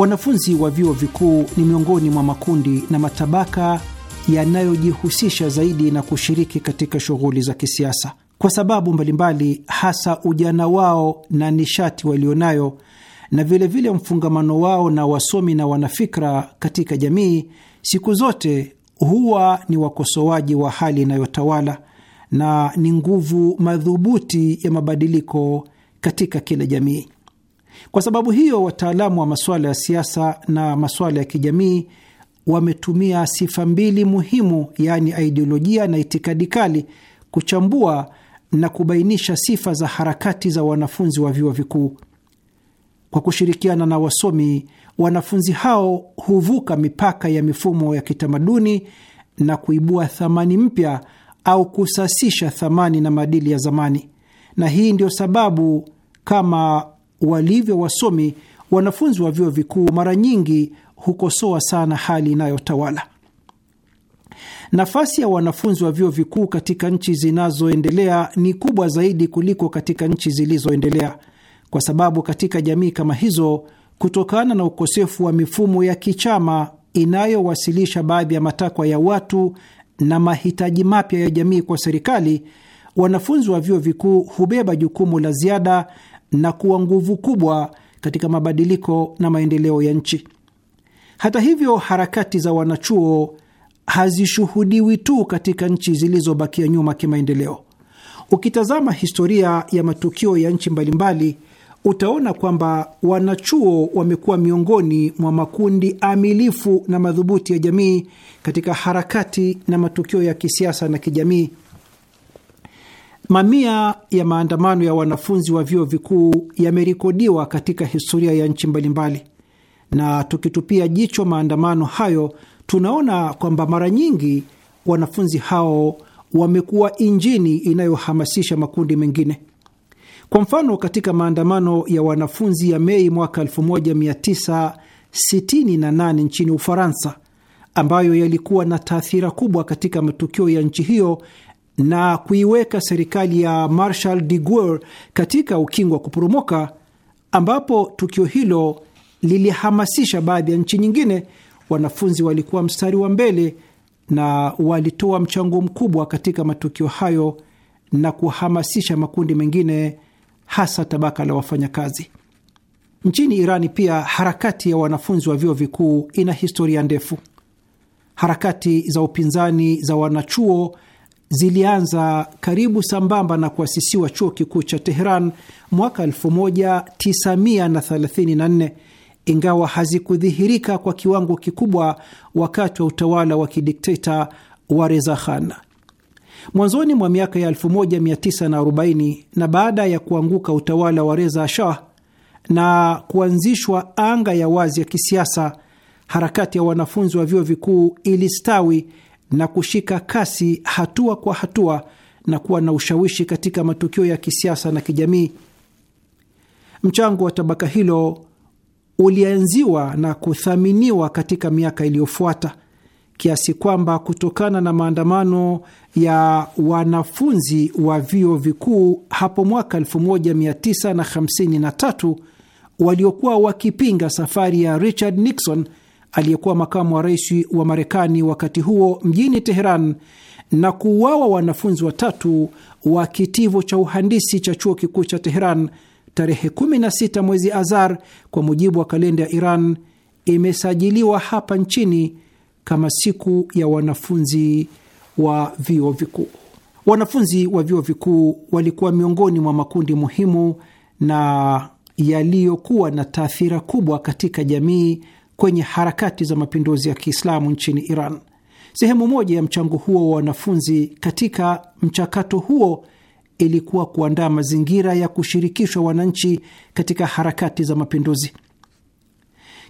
S4: Wanafunzi wa vyuo vikuu ni miongoni mwa makundi na matabaka yanayojihusisha zaidi na kushiriki katika shughuli za kisiasa kwa sababu mbalimbali, hasa ujana wao na nishati walionayo na vilevile vile mfungamano wao na wasomi na wanafikra katika jamii, siku zote huwa ni wakosoaji wa hali inayotawala na ni nguvu madhubuti ya mabadiliko katika kila jamii. Kwa sababu hiyo, wataalamu wa masuala ya siasa na masuala ya kijamii wametumia sifa mbili muhimu, yaani aidiolojia na itikadi kali, kuchambua na kubainisha sifa za harakati za wanafunzi wa vyuo vikuu. Kwa kushirikiana na wasomi, wanafunzi hao huvuka mipaka ya mifumo ya kitamaduni na kuibua thamani mpya au kusasisha thamani na maadili ya zamani, na hii ndio sababu kama walivyo wasomi, wanafunzi wa vyuo vikuu mara nyingi hukosoa sana hali inayotawala. Nafasi ya wanafunzi wa vyuo vikuu katika nchi zinazoendelea ni kubwa zaidi kuliko katika nchi zilizoendelea, kwa sababu katika jamii kama hizo, kutokana na ukosefu wa mifumo ya kichama inayowasilisha baadhi ya matakwa ya watu na mahitaji mapya ya jamii kwa serikali, wanafunzi wa vyuo vikuu hubeba jukumu la ziada na kuwa nguvu kubwa katika mabadiliko na maendeleo ya nchi. Hata hivyo, harakati za wanachuo hazishuhudiwi tu katika nchi zilizobakia nyuma kimaendeleo. Ukitazama historia ya matukio ya nchi mbalimbali, utaona kwamba wanachuo wamekuwa miongoni mwa makundi amilifu na madhubuti ya jamii katika harakati na matukio ya kisiasa na kijamii Mamia ya maandamano ya wanafunzi wa vyuo vikuu yamerekodiwa katika historia ya nchi mbalimbali, na tukitupia jicho maandamano hayo tunaona kwamba mara nyingi wanafunzi hao wamekuwa injini inayohamasisha makundi mengine. Kwa mfano, katika maandamano ya wanafunzi ya Mei mwaka 1968 nchini Ufaransa, ambayo yalikuwa na taathira kubwa katika matukio ya nchi hiyo na kuiweka serikali ya Marshal de Gaulle katika ukingo wa kuporomoka, ambapo tukio hilo lilihamasisha baadhi ya nchi nyingine. Wanafunzi walikuwa mstari wa mbele na walitoa mchango mkubwa katika matukio hayo na kuhamasisha makundi mengine, hasa tabaka la wafanyakazi. Nchini Irani pia harakati ya wanafunzi wa vyuo vikuu ina historia ndefu. Harakati za upinzani za wanachuo zilianza karibu sambamba na kuasisiwa chuo kikuu cha Teheran mwaka 1934 ingawa hazikudhihirika kwa kiwango kikubwa wakati wa utawala wa kidikteta wa Reza Khan. Mwanzoni mwa miaka ya 1940 na baada ya kuanguka utawala wa Reza Shah na kuanzishwa anga ya wazi ya kisiasa, harakati ya wanafunzi wa vyuo vikuu ilistawi na kushika kasi hatua kwa hatua na kuwa na ushawishi katika matukio ya kisiasa na kijamii. Mchango wa tabaka hilo ulianziwa na kuthaminiwa katika miaka iliyofuata kiasi kwamba kutokana na maandamano ya wanafunzi wa vyuo vikuu hapo mwaka 1953 waliokuwa wakipinga safari ya Richard Nixon aliyekuwa makamu wa rais wa Marekani wakati huo mjini Teheran na kuuawa wanafunzi watatu wa kitivo cha uhandisi cha chuo kikuu cha Teheran tarehe 16 mwezi Azar kwa mujibu wa kalenda ya Iran, imesajiliwa hapa nchini kama siku ya wanafunzi wa vyuo vikuu. Wanafunzi wa vyuo vikuu walikuwa miongoni mwa makundi muhimu na yaliyokuwa na taathira kubwa katika jamii kwenye harakati za mapinduzi ya Kiislamu nchini Iran. Sehemu moja ya mchango huo wa wanafunzi katika mchakato huo ilikuwa kuandaa mazingira ya kushirikishwa wananchi katika harakati za mapinduzi.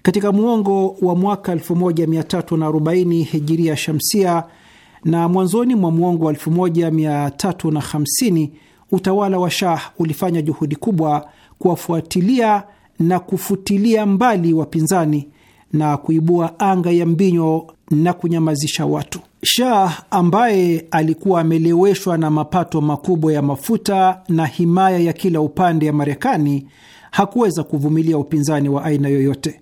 S4: Katika muongo wa mwaka 1340 hijiria shamsia na mwanzoni mwa muongo wa 1350 utawala wa Shah ulifanya juhudi kubwa kuwafuatilia na kufutilia mbali wapinzani na kuibua anga ya mbinyo na kunyamazisha watu. Shah ambaye alikuwa ameleweshwa na mapato makubwa ya mafuta na himaya ya kila upande ya Marekani hakuweza kuvumilia upinzani wa aina yoyote,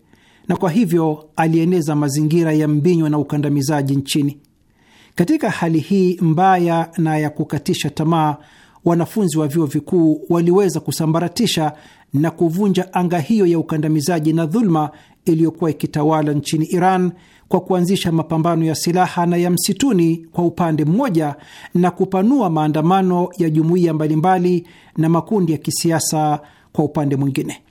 S4: na kwa hivyo alieneza mazingira ya mbinyo na ukandamizaji nchini. Katika hali hii mbaya na ya kukatisha tamaa, wanafunzi wa vyuo vikuu waliweza kusambaratisha na kuvunja anga hiyo ya ukandamizaji na dhuluma iliyokuwa ikitawala nchini Iran kwa kuanzisha mapambano ya silaha na ya msituni kwa upande mmoja na kupanua maandamano ya jumuiya mbalimbali na makundi ya kisiasa kwa upande mwingine.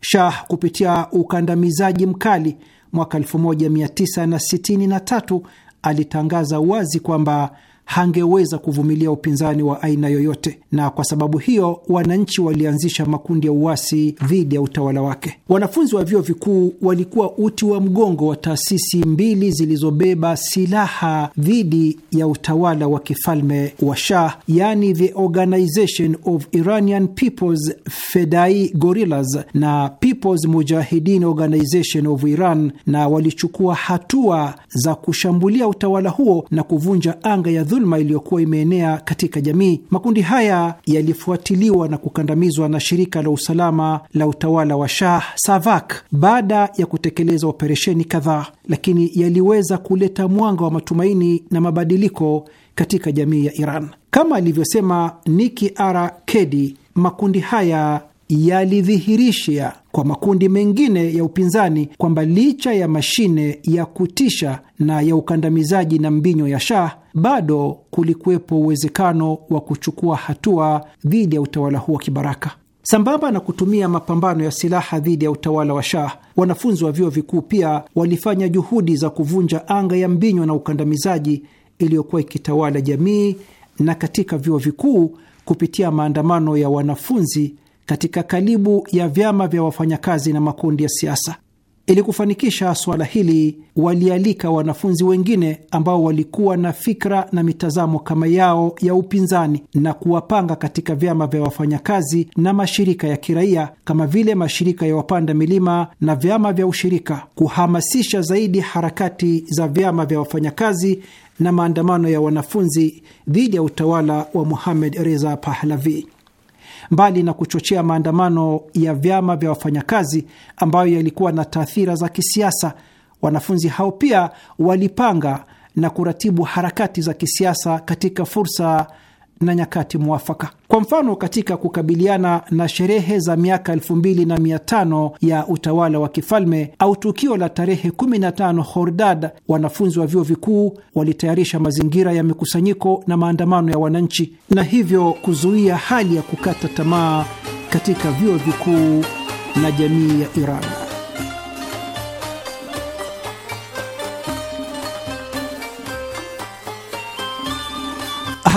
S4: Shah kupitia ukandamizaji mkali mwaka 1963 alitangaza wazi kwamba hangeweza kuvumilia upinzani wa aina yoyote, na kwa sababu hiyo wananchi walianzisha makundi ya uasi dhidi ya utawala wake. Wanafunzi wa vyuo vikuu walikuwa uti wa mgongo wa taasisi mbili zilizobeba silaha dhidi ya utawala wa kifalme wa Shah, yani The Organization of Iranian People's Fedai Gorillas na People's Mujahidin Organization of Iran, na walichukua hatua za kushambulia utawala huo na kuvunja anga ya dhuluma iliyokuwa imeenea katika jamii. Makundi haya yalifuatiliwa na kukandamizwa na shirika la usalama la utawala wa Shah SAVAK baada ya kutekeleza operesheni kadhaa, lakini yaliweza kuleta mwanga wa matumaini na mabadiliko katika jamii ya Iran. Kama alivyosema Niki Ara Kedi, makundi haya yalidhihirisha kwa makundi mengine ya upinzani kwamba licha ya mashine ya kutisha na ya ukandamizaji na mbinyo ya Shah bado kulikuwepo uwezekano wa kuchukua hatua dhidi ya utawala huo wa kibaraka. Sambamba na kutumia mapambano ya silaha dhidi ya utawala wa Shah, wanafunzi wa vyuo vikuu pia walifanya juhudi za kuvunja anga ya mbinywa na ukandamizaji iliyokuwa ikitawala jamii na katika vyuo vikuu kupitia maandamano ya wanafunzi katika kalibu ya vyama vya wafanyakazi na makundi ya siasa. Ili kufanikisha suala hili, walialika wanafunzi wengine ambao walikuwa na fikra na mitazamo kama yao ya upinzani na kuwapanga katika vyama vya wafanyakazi na mashirika ya kiraia kama vile mashirika ya wapanda milima na vyama vya ushirika, kuhamasisha zaidi harakati za vyama vya wafanyakazi na maandamano ya wanafunzi dhidi ya utawala wa muhamed Reza Pahlavi mbali na kuchochea maandamano ya vyama vya wafanyakazi ambayo yalikuwa na taathira za kisiasa, wanafunzi hao pia walipanga na kuratibu harakati za kisiasa katika fursa na nyakati mwafaka. Kwa mfano, katika kukabiliana na sherehe za miaka elfu mbili na mia tano ya utawala wa kifalme au tukio la tarehe 15 Hordad, wanafunzi wa vyuo vikuu walitayarisha mazingira ya mikusanyiko na maandamano ya wananchi na hivyo kuzuia hali ya kukata tamaa katika vyuo vikuu na jamii ya Iran.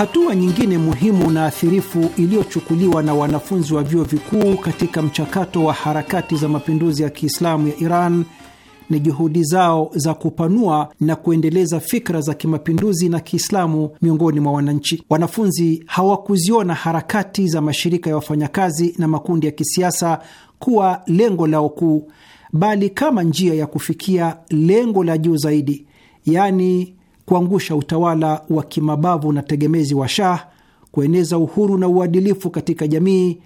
S4: Hatua nyingine muhimu na athirifu iliyochukuliwa na wanafunzi wa vyuo vikuu katika mchakato wa harakati za mapinduzi ya Kiislamu ya Iran ni juhudi zao za kupanua na kuendeleza fikra za kimapinduzi na Kiislamu miongoni mwa wananchi. Wanafunzi hawakuziona harakati za mashirika ya wafanyakazi na makundi ya kisiasa kuwa lengo lao kuu, bali kama njia ya kufikia lengo la juu zaidi, yaani kuangusha utawala wa kimabavu na tegemezi wa Shah, kueneza uhuru na uadilifu katika jamii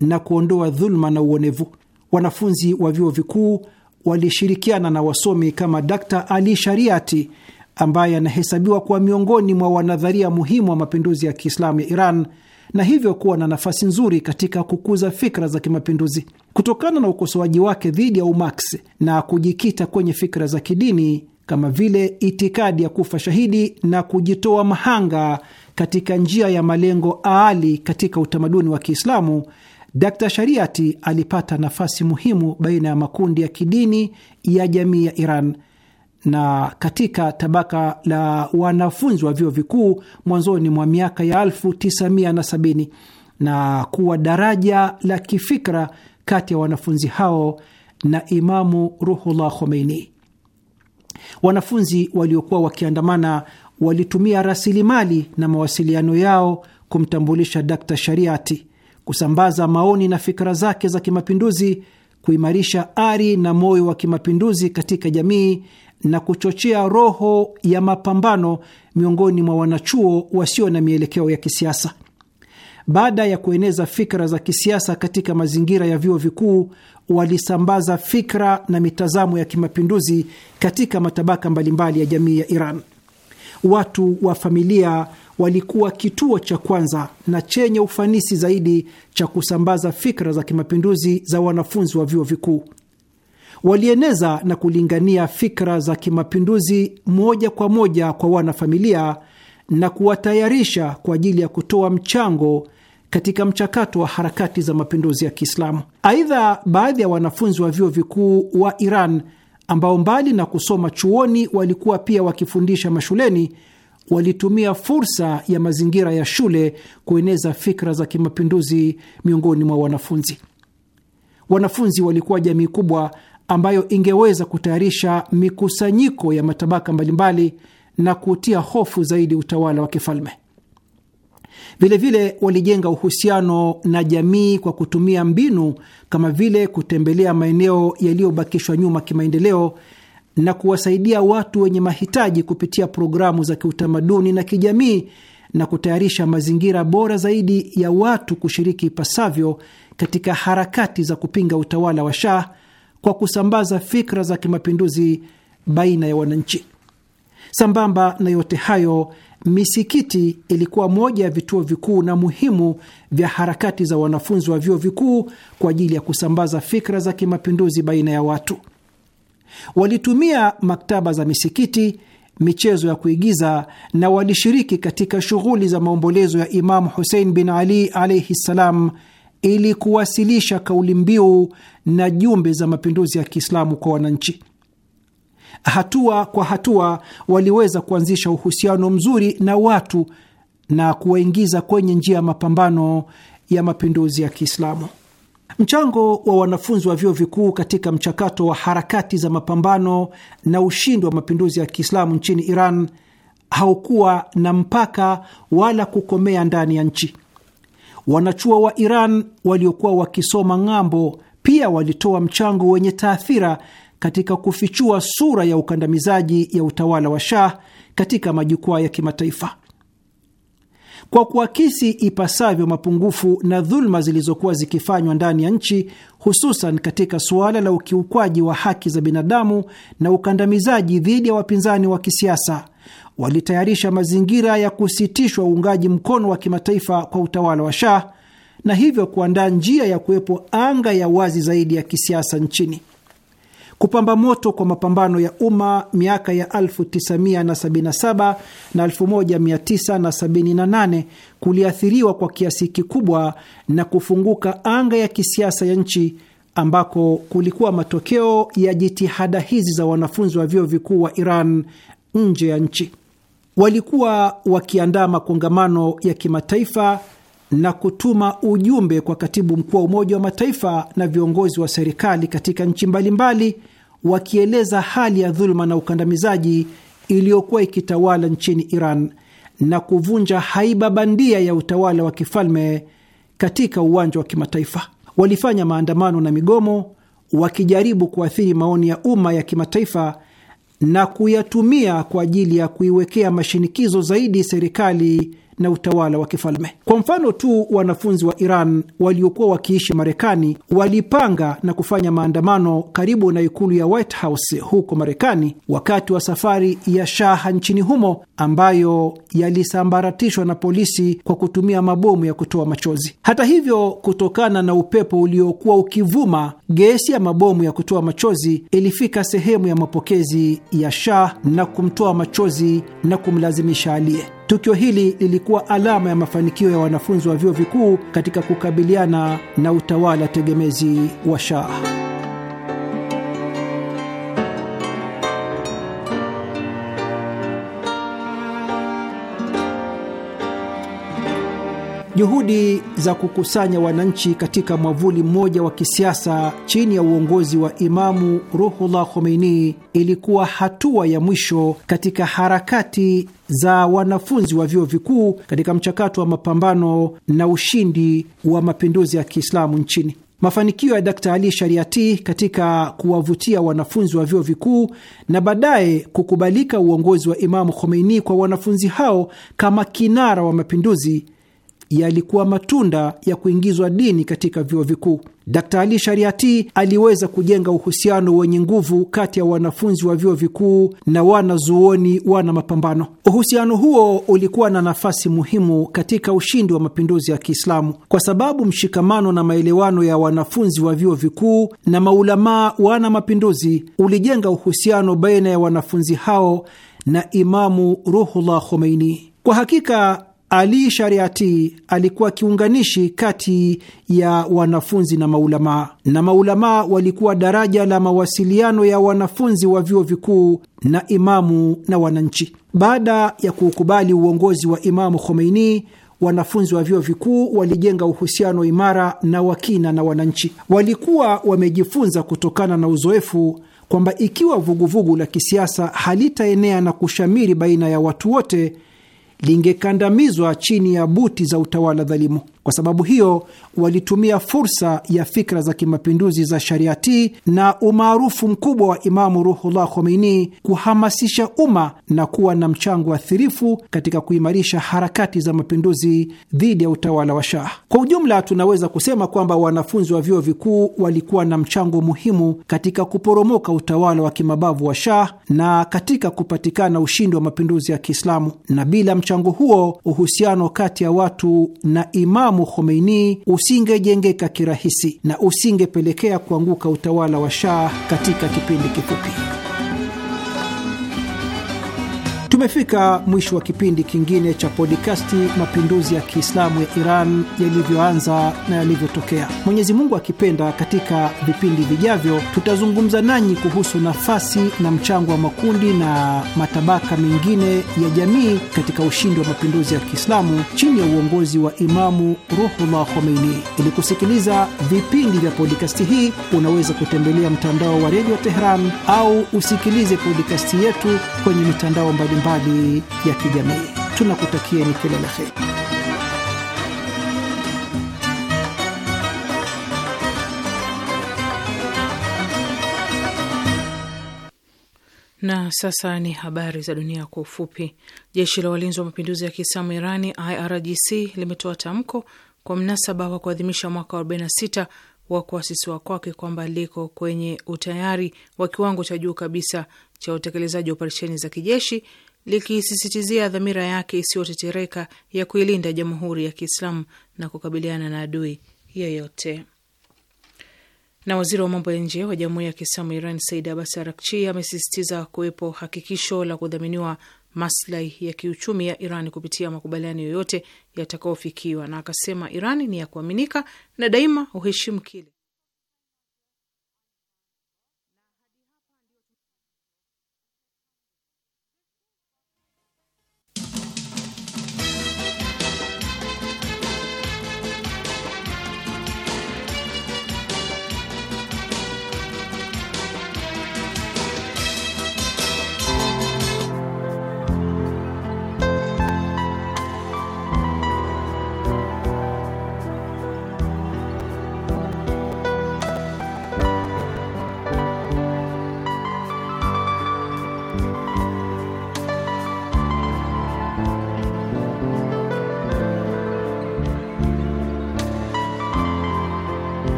S4: na kuondoa dhuluma na uonevu. Wanafunzi wa vyuo vikuu walishirikiana na wasomi kama Dr. Ali Shariati ambaye anahesabiwa kuwa miongoni mwa wanadharia muhimu wa mapinduzi ya Kiislamu ya Iran na hivyo kuwa na nafasi nzuri katika kukuza fikra za kimapinduzi. Kutokana na ukosoaji wake dhidi ya umaksi na kujikita kwenye fikra za kidini, kama vile itikadi ya kufa shahidi na kujitoa mahanga katika njia ya malengo aali katika utamaduni wa Kiislamu, Dr Shariati alipata nafasi muhimu baina ya makundi ya kidini ya jamii ya Iran na katika tabaka la wanafunzi wa vyuo vikuu mwanzoni mwa miaka ya 1970 na kuwa daraja la kifikra kati ya wanafunzi hao na Imamu Ruhullah Khomeini. Wanafunzi waliokuwa wakiandamana walitumia rasilimali na mawasiliano yao kumtambulisha d Shariati, kusambaza maoni na fikra zake za kimapinduzi, kuimarisha ari na moyo wa kimapinduzi katika jamii na kuchochea roho ya mapambano miongoni mwa wanachuo wasio na mielekeo ya kisiasa. Baada ya kueneza fikra za kisiasa katika mazingira ya vyuo vikuu, walisambaza fikra na mitazamo ya kimapinduzi katika matabaka mbalimbali ya jamii ya Iran. Watu wa familia walikuwa kituo cha kwanza na chenye ufanisi zaidi cha kusambaza fikra za kimapinduzi za wanafunzi wa vyuo vikuu. Walieneza na kulingania fikra za kimapinduzi moja kwa moja kwa wanafamilia na kuwatayarisha kwa ajili ya kutoa mchango katika mchakato wa harakati za mapinduzi ya Kiislamu. Aidha, baadhi ya wanafunzi wa vyuo vikuu wa Iran ambao mbali na kusoma chuoni walikuwa pia wakifundisha mashuleni walitumia fursa ya mazingira ya shule kueneza fikra za kimapinduzi miongoni mwa wanafunzi. Wanafunzi walikuwa jamii kubwa ambayo ingeweza kutayarisha mikusanyiko ya matabaka mbalimbali na kutia hofu zaidi utawala wa kifalme. Vilevile walijenga uhusiano na jamii kwa kutumia mbinu kama vile kutembelea maeneo yaliyobakishwa nyuma kimaendeleo na kuwasaidia watu wenye mahitaji kupitia programu za kiutamaduni na kijamii na kutayarisha mazingira bora zaidi ya watu kushiriki ipasavyo katika harakati za kupinga utawala wa Shah kwa kusambaza fikra za kimapinduzi baina ya wananchi. Sambamba na yote hayo, Misikiti ilikuwa moja ya vituo vikuu na muhimu vya harakati za wanafunzi wa vyuo vikuu kwa ajili ya kusambaza fikra za kimapinduzi baina ya watu. Walitumia maktaba za misikiti, michezo ya kuigiza na walishiriki katika shughuli za maombolezo ya Imamu Husein bin Ali alaihi ssalam, ili kuwasilisha kauli mbiu na jumbe za mapinduzi ya Kiislamu kwa wananchi. Hatua kwa hatua, waliweza kuanzisha uhusiano mzuri na watu na kuwaingiza kwenye njia ya mapambano ya mapinduzi ya Kiislamu. Mchango wa wanafunzi wa vyuo vikuu katika mchakato wa harakati za mapambano na ushindi wa mapinduzi ya Kiislamu nchini Iran haukuwa na mpaka wala kukomea ndani ya nchi. Wanachuo wa Iran waliokuwa wakisoma ng'ambo pia walitoa mchango wenye taathira katika kufichua sura ya ukandamizaji ya utawala wa Shah katika majukwaa ya kimataifa. Kwa kuakisi ipasavyo mapungufu na dhuluma zilizokuwa zikifanywa ndani ya nchi, hususan katika suala la ukiukwaji wa haki za binadamu na ukandamizaji dhidi ya wapinzani wa kisiasa, walitayarisha mazingira ya kusitishwa uungaji mkono wa kimataifa kwa utawala wa Shah na hivyo kuandaa njia ya kuwepo anga ya wazi zaidi ya kisiasa nchini kupamba moto kwa mapambano ya umma miaka ya 1977 na 1978 kuliathiriwa kwa kiasi kikubwa na kufunguka anga ya kisiasa ya nchi ambako kulikuwa matokeo ya jitihada hizi za wanafunzi wa vyuo vikuu wa Iran nje ya nchi. Walikuwa wakiandaa makongamano ya kimataifa na kutuma ujumbe kwa katibu mkuu wa Umoja wa Mataifa na viongozi wa serikali katika nchi mbalimbali wakieleza hali ya dhuluma na ukandamizaji iliyokuwa ikitawala nchini Iran na kuvunja haiba bandia ya utawala wa kifalme katika uwanja wa kimataifa. Walifanya maandamano na migomo wakijaribu kuathiri maoni ya umma ya kimataifa na kuyatumia kwa ajili ya kuiwekea mashinikizo zaidi serikali na utawala wa kifalme. Kwa mfano tu, wanafunzi wa Iran waliokuwa wakiishi Marekani walipanga na kufanya maandamano karibu na ikulu ya White House huko Marekani wakati wa safari ya shaha nchini humo, ambayo yalisambaratishwa na polisi kwa kutumia mabomu ya kutoa machozi. Hata hivyo, kutokana na upepo uliokuwa ukivuma, gesi ya mabomu ya kutoa machozi ilifika sehemu ya mapokezi ya shah na kumtoa machozi na kumlazimisha aliye Tukio hili lilikuwa alama ya mafanikio ya wanafunzi wa vyuo vikuu katika kukabiliana na utawala tegemezi wa Shah. Juhudi za kukusanya wananchi katika mwavuli mmoja wa kisiasa chini ya uongozi wa Imamu Ruhullah Khomeini ilikuwa hatua ya mwisho katika harakati za wanafunzi wa vyuo vikuu katika mchakato wa mapambano na ushindi wa mapinduzi ya Kiislamu nchini. Mafanikio ya Dkt. Ali Shariati katika kuwavutia wanafunzi wa vyuo vikuu na baadaye kukubalika uongozi wa Imamu Khomeini kwa wanafunzi hao kama kinara wa mapinduzi yalikuwa matunda ya kuingizwa dini katika vyuo vikuu. Dr Ali Shariati aliweza kujenga uhusiano wenye nguvu kati ya wanafunzi wa vyuo vikuu na wanazuoni wana mapambano. Uhusiano huo ulikuwa na nafasi muhimu katika ushindi wa mapinduzi ya Kiislamu kwa sababu mshikamano na maelewano ya wanafunzi wa vyuo vikuu na maulamaa wana mapinduzi ulijenga uhusiano baina ya wanafunzi hao na Imamu Ruhullah Khomeini. Kwa hakika ali Shariati alikuwa kiunganishi kati ya wanafunzi na maulamaa, na maulamaa walikuwa daraja la mawasiliano ya wanafunzi wa vyuo vikuu na imamu na wananchi. Baada ya kuukubali uongozi wa Imamu Khomeini, wanafunzi wa vyuo vikuu walijenga uhusiano imara na wakina na wananchi. Walikuwa wamejifunza kutokana na uzoefu kwamba ikiwa vuguvugu la kisiasa halitaenea na kushamiri baina ya watu wote lingekandamizwa chini ya buti za utawala dhalimu. Kwa sababu hiyo walitumia fursa ya fikra za kimapinduzi za Shariati na umaarufu mkubwa wa Imamu Ruhullah Khomeini kuhamasisha umma na kuwa na mchango athirifu katika kuimarisha harakati za mapinduzi dhidi ya utawala wa Shah. Kwa ujumla, tunaweza kusema kwamba wanafunzi wa vyuo vikuu walikuwa na mchango muhimu katika kuporomoka utawala wa kimabavu wa Shah na katika kupatikana ushindi wa mapinduzi ya Kiislamu, na bila mchango huo uhusiano kati ya watu na imamu Imamu Khomeini usingejengeka kirahisi na usingepelekea kuanguka utawala wa Shah katika kipindi kifupi. Tumefika mwisho wa kipindi kingine cha podikasti Mapinduzi ya Kiislamu ya Iran yalivyoanza na yalivyotokea. Mwenyezi Mungu akipenda, katika vipindi vijavyo tutazungumza nanyi kuhusu nafasi na mchango wa makundi na matabaka mengine ya jamii katika ushindi wa mapinduzi ya Kiislamu chini ya uongozi wa Imamu Ruhullah Khomeini. Ili kusikiliza vipindi vya podikasti hii unaweza kutembelea mtandao wa redio Teheran au usikilize podikasti yetu kwenye mitandao mbalimbali mbalimbali ya kijamii. Tunakutakieni kila la heri.
S3: Na sasa ni habari za dunia kwa ufupi. Jeshi la walinzi wa mapinduzi ya Kiislamu Irani, IRGC, limetoa tamko kwa mnasaba wa kuadhimisha mwaka wa 46 wa kuasisiwa kwake kwamba liko kwenye utayari wa kiwango cha juu kabisa cha utekelezaji wa operesheni za kijeshi likisisitizia dhamira yake isiyotetereka ya kuilinda Jamhuri ya Kiislamu na kukabiliana na adui yeyote. Na waziri wa mambo ya nje wa Jamhuri ya Kiislamu Iran Said Abbas Arakchi amesisitiza kuwepo hakikisho la kudhaminiwa maslahi ya kiuchumi ya Iran kupitia makubaliano yoyote yatakaofikiwa, na akasema Iran ni ya kuaminika na daima uheshimu kile